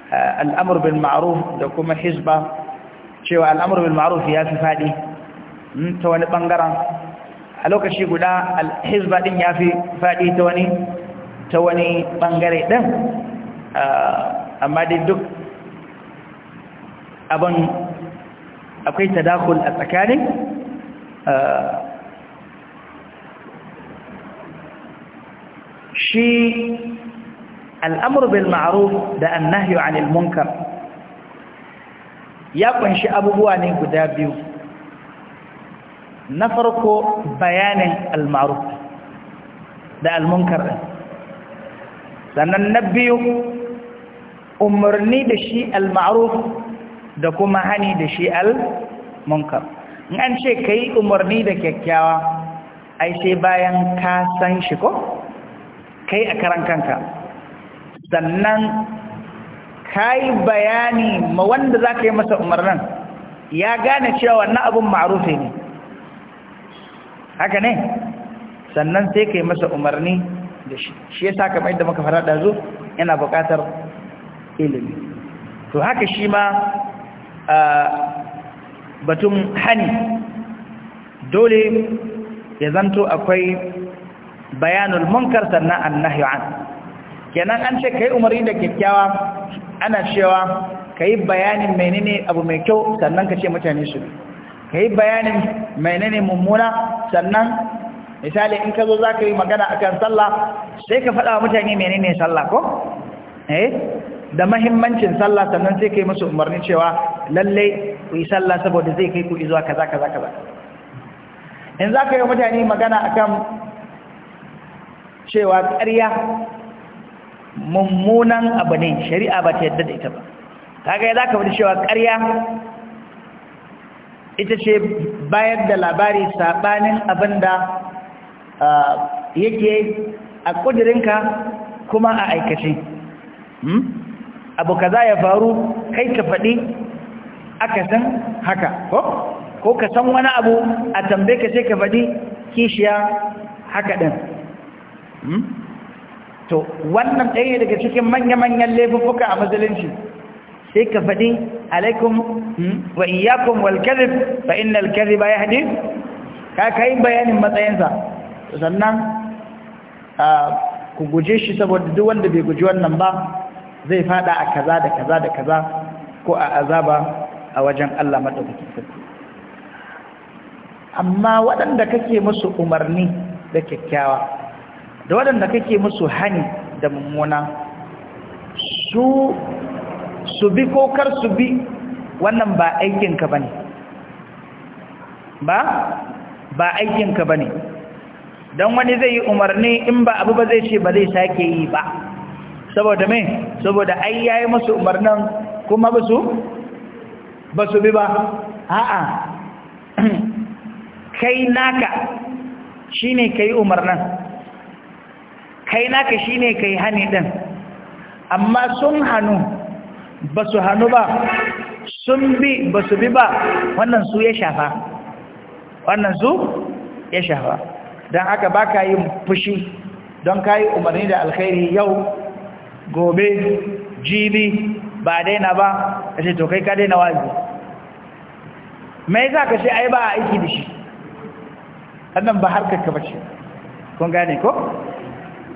[SPEAKER 1] eh, al'amur bil ma'aruf da kuma hizba cewa al'amur bil ma'aruf ya fi faɗi hmm, ta wani ɓangaren a lokaci guda hizba ɗin ya fi faɗi ta wani ta wani ɓangare ɗin eh, amma dai duk abin akwai tadakul a tsakanin shi al'amur bil ma'aruf da annahi anil munkar ya kunshi abubuwa ne guda biyu na farko bayanin al-ma'aruf da al-munkar ɗin sannan na biyu umarni da shi al da kuma hani da shi al-munkar in an ce ka yi umarni da kyakkyawa ai sai bayan ka san shi ko ka a karan kanka sannan ka yi bayani ma wanda za ka yi masa umarnin ya gane cewa wannan abin ma'arufi ne haka ne sannan sai ka yi masa umarni da shi shi ya sa kamar da muka fara ɗazu yana buƙatar ilimi to haka shi ma ah, batun hani dole ya zanto akwai bayanul munkar sannan annahyu an kenan an ce kai umarni da kyakkyawa ana cewa kai bayanin menene abu mai kyau sannan ka ce mutane su kai bayanin menene mummuna sannan misali in ka zo za ka yi magana akan sallah sai ka faɗa wa mutane menene sallah ko eh da mahimmancin sallah sannan sai ka yi musu umarni cewa lallai ku yi sallah saboda zai kai ku zuwa kaza kaza kaza in za ka yi mutane magana akan cewa ƙarya mummunan abu ne shari'a ba ta yadda da ita ba ga za ka wani cewa ƙarya ita ce bayar da labari saɓanin abin da yake a ƙudurinka kuma a aikace hmm? abu kaza ya faru kai ka faɗi aka san haka ko ko ka san wani abu a tambaye ka sai ka faɗi kishiya haka ɗin hmm? to wannan ɗaya daga cikin manya-manyan laifuka a musulunci sai ka faɗi alaikum hmm, wa iyakun ba. fa innal kariba ya haɗi ka kayi bayanin matsayinsa sannan ku guje shi saboda duk wanda bai guji wannan ba zai fada a kaza da kaza da kaza ko a azaba a wajen Allah madaukakin sarki amma waɗanda kake musu umarni da kyakkyawa da waɗanda kake musu hani da mummuna su su bi ko kar su bi wannan ba aikinka ba ne ba ba aikinka ba ne don wani zai yi umarni in ba abu ba zai ce ba zai sake yi ba saboda mai saboda ai yayi musu umarnin kuma ba su ba su bi ba a'a [clears throat] kai naka shine kai umarnin kai naka shine kai hani din amma sun hannu ba su hannu ba sun bi ba su bi ba wannan su ya shafa wannan su ya shafa don haka ba ka yi fushi don ka yi umarni da alkhairi yau gobe jibi ba daina ba a ce to kai ka daina wazi me za ka ce ai ba a aiki da shi hannun ba harkar ka bace kun gane ko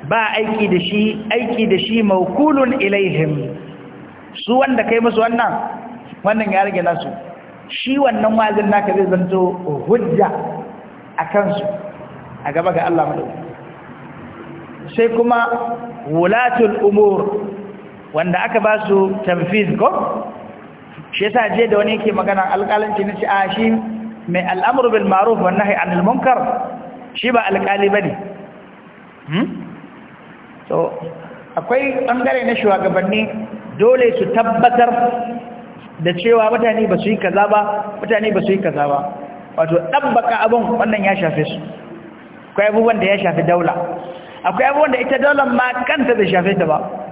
[SPEAKER 1] ba aiki da shi aiki da shi maukulun ilaihim su wanda kai musu wannan wannan ya rage nasu shi wannan wazin naka zai zanto hujja a kansu a gaba ga Allah madauki sai kuma wulatul umur wanda aka ba su tamfiz ko shi yasa je da wani yake magana alƙalanci na ci a shi mai al'amru bil ma'ruf wan nahi anil munkar shi ba alƙali bane hmm so akwai bangare na shugabanni dole su tabbatar da cewa mutane ba su yi kaza ba mutane ba su yi kaza ba wato dabbaka abun wannan ya shafe su akwai abubuwan da ya shafi daula akwai abubuwan da ita daular ma kanta da shafe ta ba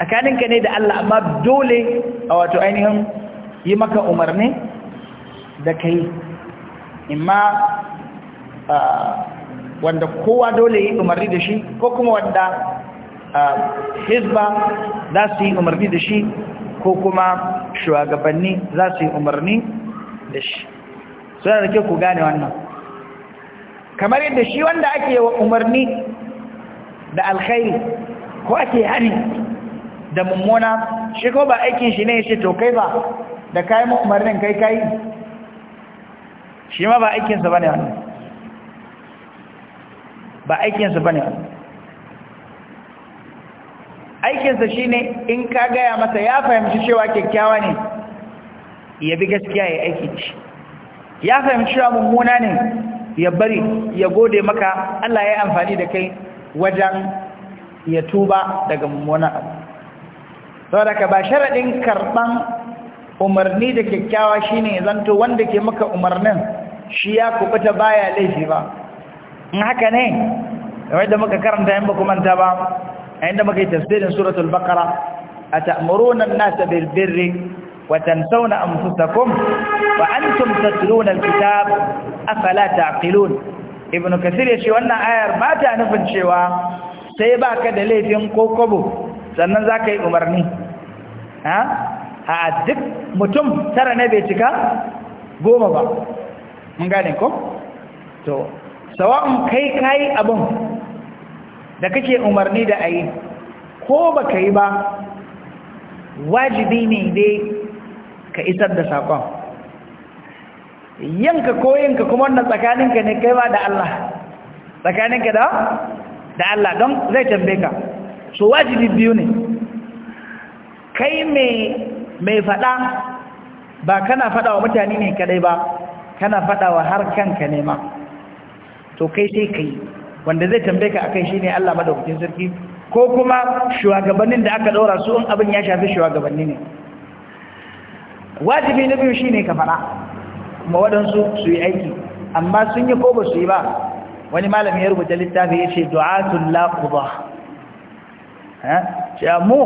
[SPEAKER 1] tsakanin ka ne da Allah amma dole a wato ainihin yi maka umarni da ka yi imma wanda kowa dole yi umarni da shi ko kuma wanda hezba za su yi umarni da shi ko kuma shugabanni za su yi umarni da shi suna da ke ku gane wannan kamar yadda shi wanda ake umarni da alkhairi ko ake hani da mummuna shi ko ba aikin shi ne ya ce to kai ba da mu umarnin kai kai shi ma ba aikinsa sa bane wannan ba aikinsa sa bane aikin aikinsa shi ne in ka gaya masa ya fahimci cewa kyakkyawa ne ya bi gaskiya ya aiki shi, ya fahimci cewa mummuna ne ya bari ya gode maka Allah ya yi amfani da kai wajen ya tuba daga mummuna abu saboda ba sharaɗin karɓan umarni da kyakkyawa shine zanto wanda ke maka umarnin shi ya kubuta baya laifi ba in haka ne da muka karanta in ba ku ba inda muka yi tafsirin suratul bakara atamuruna an-nasa bil birri wa tansawna anfusakum wa antum tatluna al-kitab afala Ibn ibnu ya yace wannan ayar ba ta nufin cewa sai baka da laifin kokobo sannan za ka yi umarni a duk mutum tara ne bai cika goma ba mun gane ko? to sawa'un kai kayi abin da kake umarni da ayi ko ba ka yi ba wajibi ne dai ka isar da saƙon yanka ko koyinka kuma wannan tsakaninka ne kai ba da Allah tsakaninka da da Allah don zai tambaye ka so wajibi biyu ne kai mai fada ba kana fada wa mutane ne kadai ba kana fada wa har kanka ne ma to kai sai kai wanda zai tambaye ka akai shine Allah madaukakin sarki ko kuma shugabannin da aka ɗaura su in abin ya shafi shugabanni ne wajibi na biyu shine ka faɗa kuma waɗansu su yi aiki amma sun yi ko ba su yi ba wani malami ya rubuta littafi ya ce du'atul ba. cewa mu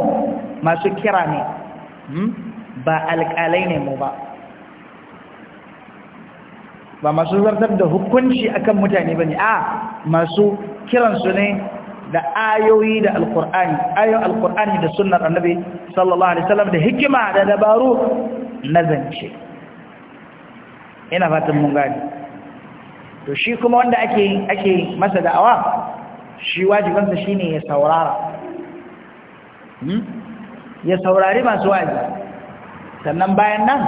[SPEAKER 1] masu kira ne hmm? ba alƙalai ne mu ba ba masu zartar da hukunci akan mutane ba ne a masu kiransu ne da ayoyi da alƙur'ani ayoyin alƙur'ani da sunnar annabi sallallahu alaihi wasallam da hikima da dabaru na zance ina fatan mun gani to shi kuma wanda ake ake masa da'awa shi shi shine ya saurara Hmm? ya saurari masu wa'azi sannan bayan nan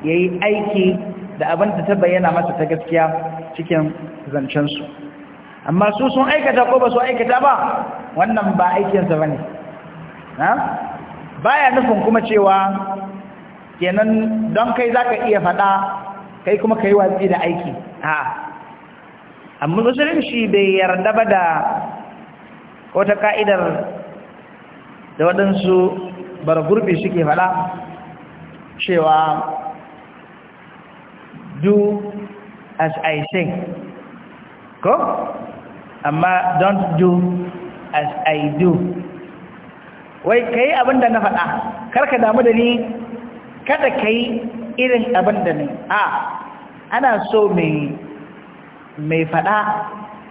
[SPEAKER 1] ya yi aiki da abin da ta bayyana masa ta gaskiya cikin zancen su. amma su sun aikata ko ba su aikata ba wannan ba aikinsa ba ne baya nufin kuma cewa kenan don kai za ka iya faɗa kai kuma ka yi watsi da aiki a amma musulunci bai yarda ba da wata ka'idar da waɗansu gurbi suke faɗa cewa do as I say ko amma don't do as I do wai kai abinda na faɗa karka damu da ni kada kai irin abinda ne a ana so mai faɗa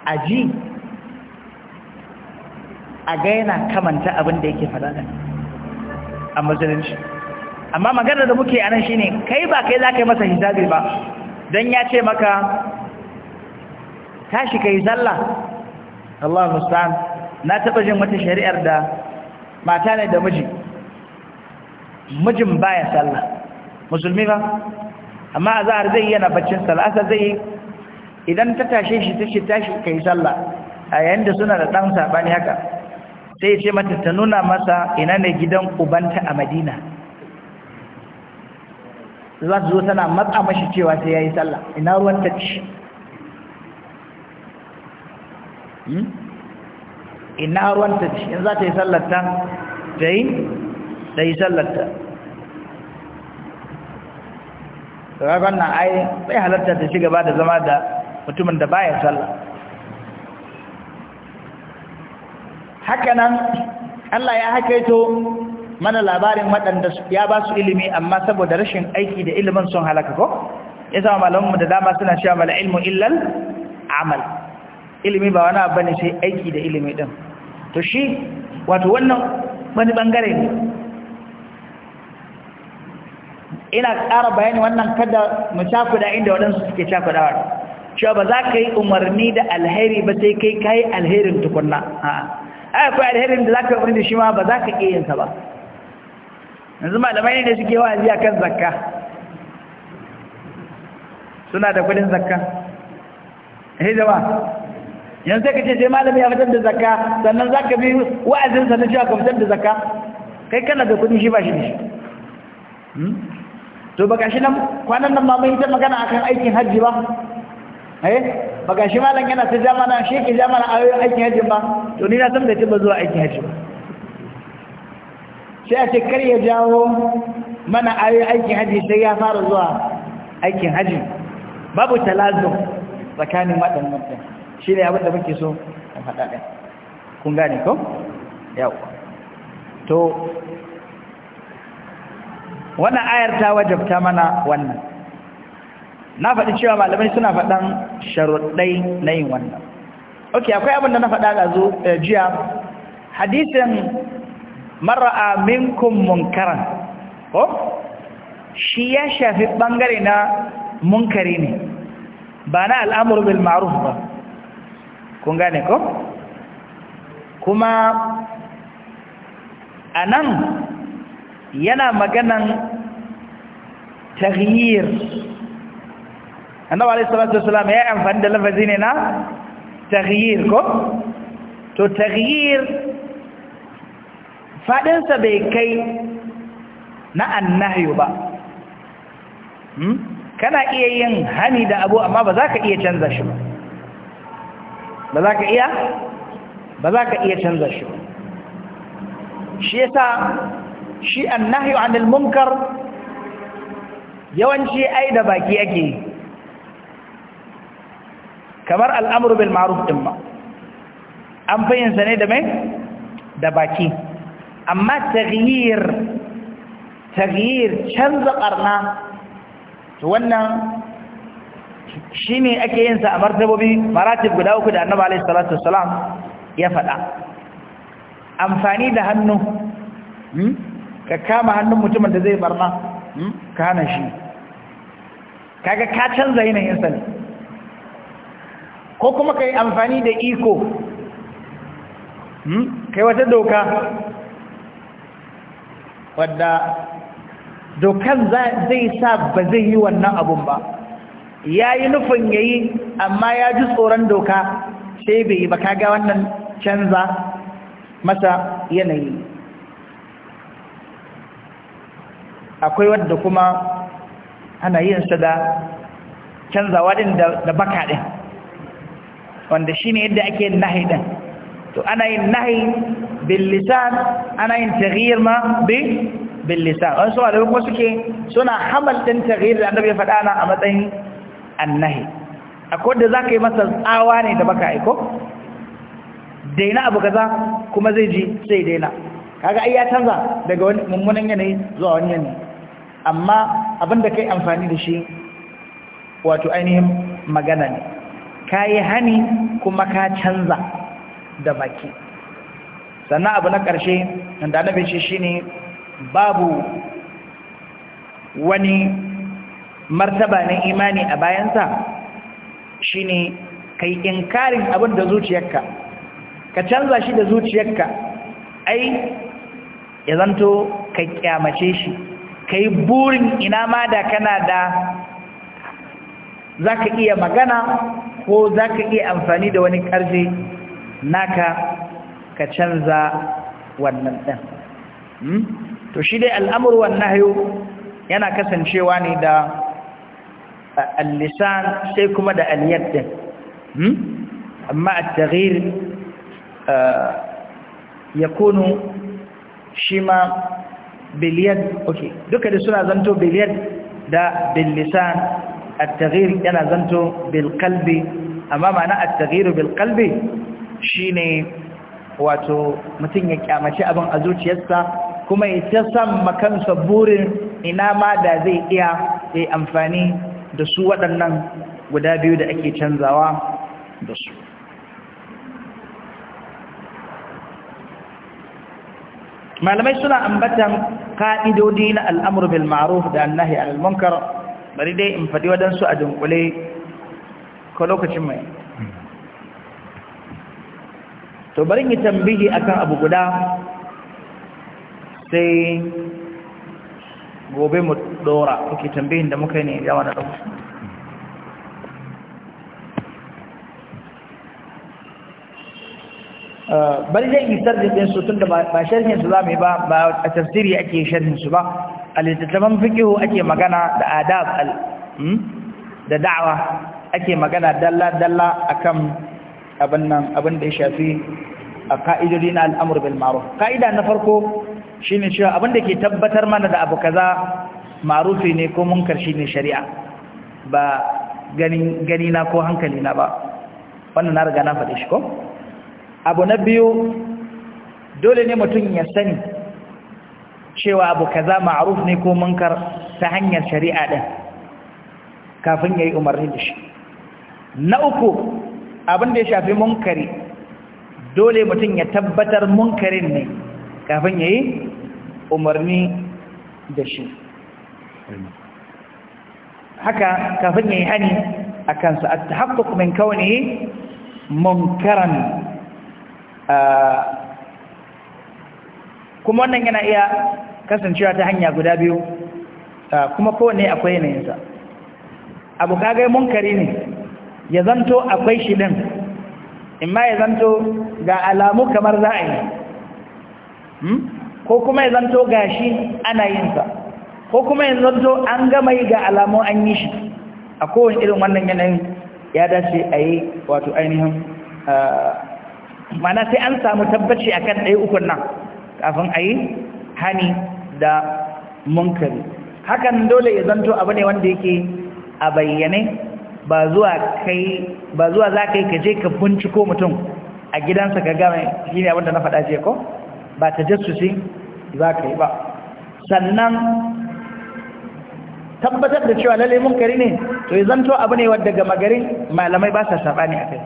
[SPEAKER 1] a ji a ga yana kamanta abin da yake faɗa a musulunci amma maganar da muke anan shine kai ba kai za ka yi masa hijabi ba don ya ce maka tashi ka yi zalla Allah musa'an na taɓa jin wata shari'ar da mata ne da miji mijin baya sallah musulmi ba amma a za'ar zai yana baccin sal'asa zai zai idan ta tashe shi ta shi tashi ka yi sallah a yayin da suna da ɗan saɓani haka sai ce mata ta nuna masa ina ne gidan ubanta a madina za su zo tana matsa mashi cewa sai ya yi sallah ina ruwan ta ci hmm? ina ruwan ta ci in za ta yi sallarta ta yi ta yi sallarta ragon na ai bai halarta ta ci gaba da zama da mutumin da baya sallah hakanan Allah ya hakaito mana labarin waɗanda ya ba su ilimi amma saboda rashin aiki da ilimin sun halaka ko ya zama malamunmu da dama suna cewa mala ilmu illal amal ilimi ba wani abu ne sai aiki da ilimi din to shi wato wannan wani ɓangare ne ina ƙara bayani wannan kada mu cakuda inda waɗansu suke cakudawa cewa ba za ka yi umarni da alheri ba sai kai ka yi alherin tukunna ai akwai alherin da zaka wani da shi ma ba za ka iya yinsa ba yanzu malamai ne suke wa'azi akan zakka suna da kudin zakka eh jama'a yanzu ka ce sai malami ya fitar da zakka sannan zaka bi wa'azin sa na cewa ka fitar da zakka kai kana da kudin shi ba shi ne shi hmm? to ka shi nan kwanan nan ma mun yi ta magana akan aikin hajji ba eh ba ga shi malam yana ta jamana shi ke jamana a aikin hajji ba to ni na san bai taba zuwa aikin hajji ba sai a ce kar ya jawo mana a aikin hajji sai ya fara zuwa aikin hajji babu talazo tsakanin waɗannan mutum shi ne abin da muke so a faɗa ɗin kun gane ko Yau. to wannan ayar ta wajabta mana wannan na faɗi cewa malamai suna faɗan sharuɗai na yin wannan ok akwai abin da na faɗa zo eh, jiya hadisin mara minkun munkaran ko shi ya shafi ɓangare na munkari ne ba na al'amur bil ma'ruf ba kun gane ko kuma a nan yana maganan taghyir annabi alaihi salatu wasallam ya eh, amfani da lafazi ne na taghyir ko to taghyir fadin sa bai kai na annahyu ba hmm kana iya yin hani da abu amma ba za ka iya canza shi ba ba za ka iya ba za ka iya canza shi ba shi yasa shi annahyu anil munkar yawanci ai da baki ake yi kamar al'amuru bil ma'ruf din ma an bayyana ne da mai da baki amma taghyir taghyir canza ɓarna. to wannan shi ne ake yin sa a martabobi maratib guda uku da Annabi alaihi salatu wassalam ya faɗa amfani da hannu hmm? ka kama hannun mutumin da zai ɓarna, hmm? ka hana shi kaga ka canza yanayin sa ne ko kuma ka yi amfani da iko hmm, kai wata doka wadda dokan zai sa ba zai yi wannan abun ba ya yi nufin ya yi amma ya ji tsoron doka sai bai yi ba kaga wannan canza masa yanayi akwai wadda kuma ana yin da canzawa din da baka ɗin. wanda shine yadda ake yin nahi din to ana yin nahi bil lisan ana yin taghyir ma bi bil lisan wasu da kuma suke suna hamal din taghyir da annabi ya faɗa na a matsayin annahi akwai da zaka yi masa tsawa ne da baka aiko daina abu kaza kuma zai ji sai daina kaga ai ya canza daga wani mummunan yanayi zuwa wani yanayi amma abin da kai amfani da shi wato ainihin magana ne ka yi hani kuma ka canza da baki sannan abu na ƙarshe da na shi ne babu wani martaba na imani a bayansa Shi ka kai inkarin abin da zuciyarka ka canza shi da zuciyarka ai ya zanto ka kyamace shi ka yi burin ina ma da kana da za ka iya magana ko za ka iya amfani da wani ƙarfi naka ka canza wannan ɗin hmm? to shi dai al'amurwan nahiyu yana kasancewa ne da al sai kuma da al ɗin, hmm? amma amma at ya kunu shima bil yad duka da suna zanto biliyad da bil at yana zanto bilkalbi, qalbi amma ma'ana at-taghir bil qalbi shine wato mutum ya kyamaci abin a zuciyarsa kuma ya ta san makansa burin ina ma da zai iya ya amfani da su waɗannan guda biyu da ake canzawa da su malamai suna ambatan ƙa'idodi na al'amur bil da annahi al-munkar bari dai in faɗi waɗansu a dunkule ko lokacin mai to bari yi tambihi akan abu guda sai gobe mu ɗora kuke tambihin da muka yi ne yawa da ɗauki eh, bari zai yi sarrafin su tun da ba sharhinsu za mai ba a tafsiri ake sharhinsu ba a fikihu ake magana da adab hmm? da da'awa ake magana dalla-dalla akan abin nan abin da ya shafi a ka'idodi na al'amur bil maruf ka'ida na farko shine cewa abin da ke tabbatar mana da abu kaza marufi ne ko munkar shine shari'a ba gani na ko hankali na ba wannan na riga na faɗi shi ko abu na biyu dole ne mutum ya sani cewa abu kaza ma'ruf ne ko munkar ta hanyar shari'a din kafin yayi umarni da shi na uku abin da ya shafi munkari dole mutum ya tabbatar munkarin ne kafin yayi umarni da shi haka kafin yayi hani akan sa at-tahaqquq min kawnihi munkaran ah, kuma wannan yana iya kasancewa ta hanya guda biyu kuma kowane akwai yanayinsa abu kagai munkari ne ya zanto akwai shi ɗin imma ya zanto ga alamu kamar za a yi hmm? ko kuma ya zanto ga shi ana yinsa ko kuma ya zanto an gama yi ga alamu an yi shi a kowane irin wannan yanayin ya dace a yi wato ainihin mana sai an samu tabbaci akan ɗaya ukun nan kafin a yi hani da munkari hakan dole ya zanto abu ne wanda yake a bayyane ba zuwa kai ba zuwa za ka yi ka je ka binciko mutum a gidansa ka gama shi ne abinda na faɗa ce ko ba ta jassusi za ka yi ba sannan tabbatar da cewa lalle munkari ne to ya zanto abu ne wadda gama garin malamai ba sa ne a kai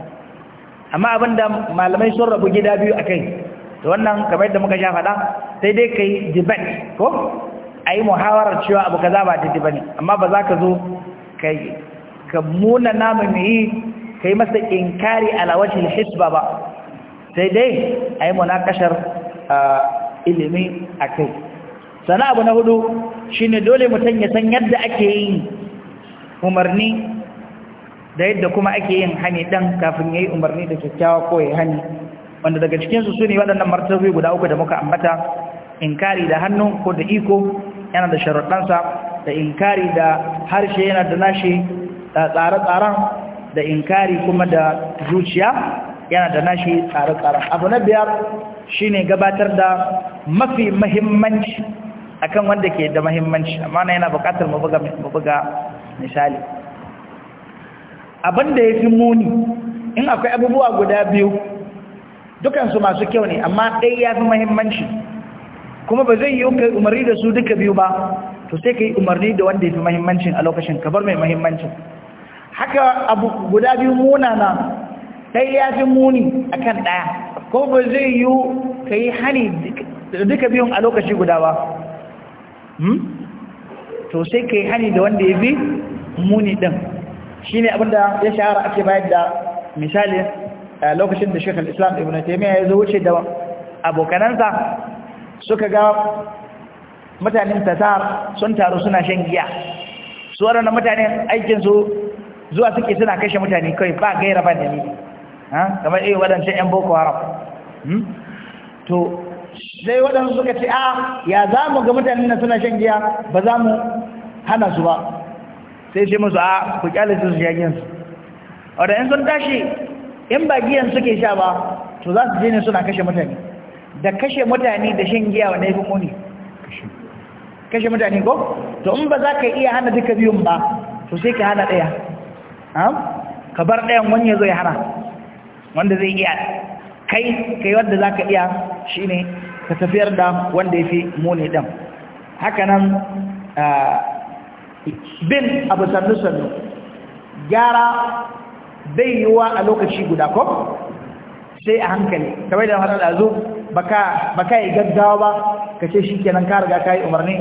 [SPEAKER 1] amma abinda malamai sun rabu gida biyu a kai to wannan kamar yadda muka sha faɗa sai dai kai debate ko a yi muhawarar cewa abu kaza ba ba ne amma ba za ka zo ka muna namu mai kai masa inkari ala hisba ba sai dai a yi ayi ƙashar ilimi kai. sana abu na hudu shi ne dole mutum ya san yadda ake yi umarni da yadda kuma ake yin hani ɗan kafin ya yi umarni da kyakkyawa ko ya hani wanda daga cikinsu su ne waɗannan martabi guda uku da muka ambata inkari da hannu ko da iko yana da sharaɗansa da inkari da harshe yana da nashi tsare-tsaren da inkari kuma da zuciya yana da nashi tsare-tsaren abu na biyar shi ne gabatar da mafi mahimmanci akan wanda ke da mahimmanci amma yana buƙatar mabuga misali abinda ya fi muni in akwai abubuwa guda biyu dukansu masu kyau ne amma ɗai ya fi mahimmanci kuma ba zai yi kai umarni da su duka biyu ba to sai ka yi umarni da wanda ya fi mahimmancin a lokacin kabar mai mahimmancin haka abu guda biyu munana ɗai ya fi muni a kan ɗaya kuma ba zai yi ka yi hani duka biyun a lokaci guda ba hmm? to sai ka yi hani da wanda ya fi muni ɗin shi ne abinda ya shahara ake bayar da misali lokacin da shekul islam ibn taimiyya ya zo wuce da abokanansa suka ga mutanen tatar sun taru suna shan giya su waɗanda mutanen aikinsu zuwa suke suna kashe mutane kai ba gaira ba dalili kamar iya waɗancan 'yan boko haram hmm? to sai waɗansu suka ce a ah, ya za mu ga mutanen na suna shan giya ba za mu hana su ba sai shi musu a ah, ku kyale su su shagin in sun tashi in ba giyan suke sha ba to za su je ne suna kashe mutane da kashe mutane da shan giya wanda ya fi muni kashe mutane ko to in ba za ka iya hana duka biyun ba to sai ka hana ɗaya ka bar ɗayan wani ya zo ya hana wanda zai iya kai kai wanda za ka iya shi ne ka tafiyar da wanda ya fi muni ɗan haka nan ah, bin abu sannu-sannu gyara bai wa a lokaci guda ko sai a hankali kamar da hadar azu baka baka yi gaggawa ba ka ce shi kenan ka riga yi umarni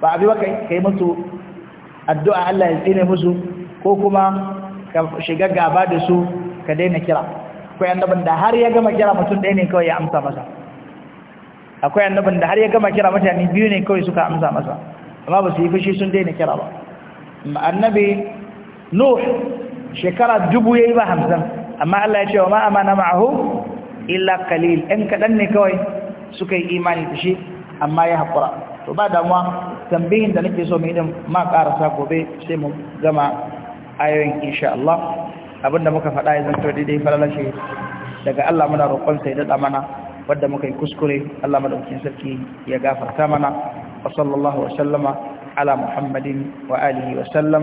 [SPEAKER 1] ba abi ba kai musu addu'a Allah ya tsine musu ko kuma ka shiga gaba da su ka daina kira akwai annabin da har ya gama kira mutum ɗaya ne kawai ya amsa masa akwai annabin da har ya gama kira mutane biyu ne kawai suka amsa masa amma ba su yi fushi sun daina kira ba annabi nuh shekara dubu yayi ba hamsin amma Allah ya ce wa ma amana ma'ahu illa qalil in kadan ne kawai suka yi imani da shi amma ya hakura to ba damuwa tambayin da nake so mu idan ma karasa gobe sai mu gama ayoyin insha Allah abinda muka faɗa ya zanto daidai falalashe daga Allah muna roƙon sai da mana wadda muka yi kuskure Allah madaukakin sarki ya gafarta mana wa sallallahu wa sallama ala Muhammadin wa alihi wa sallam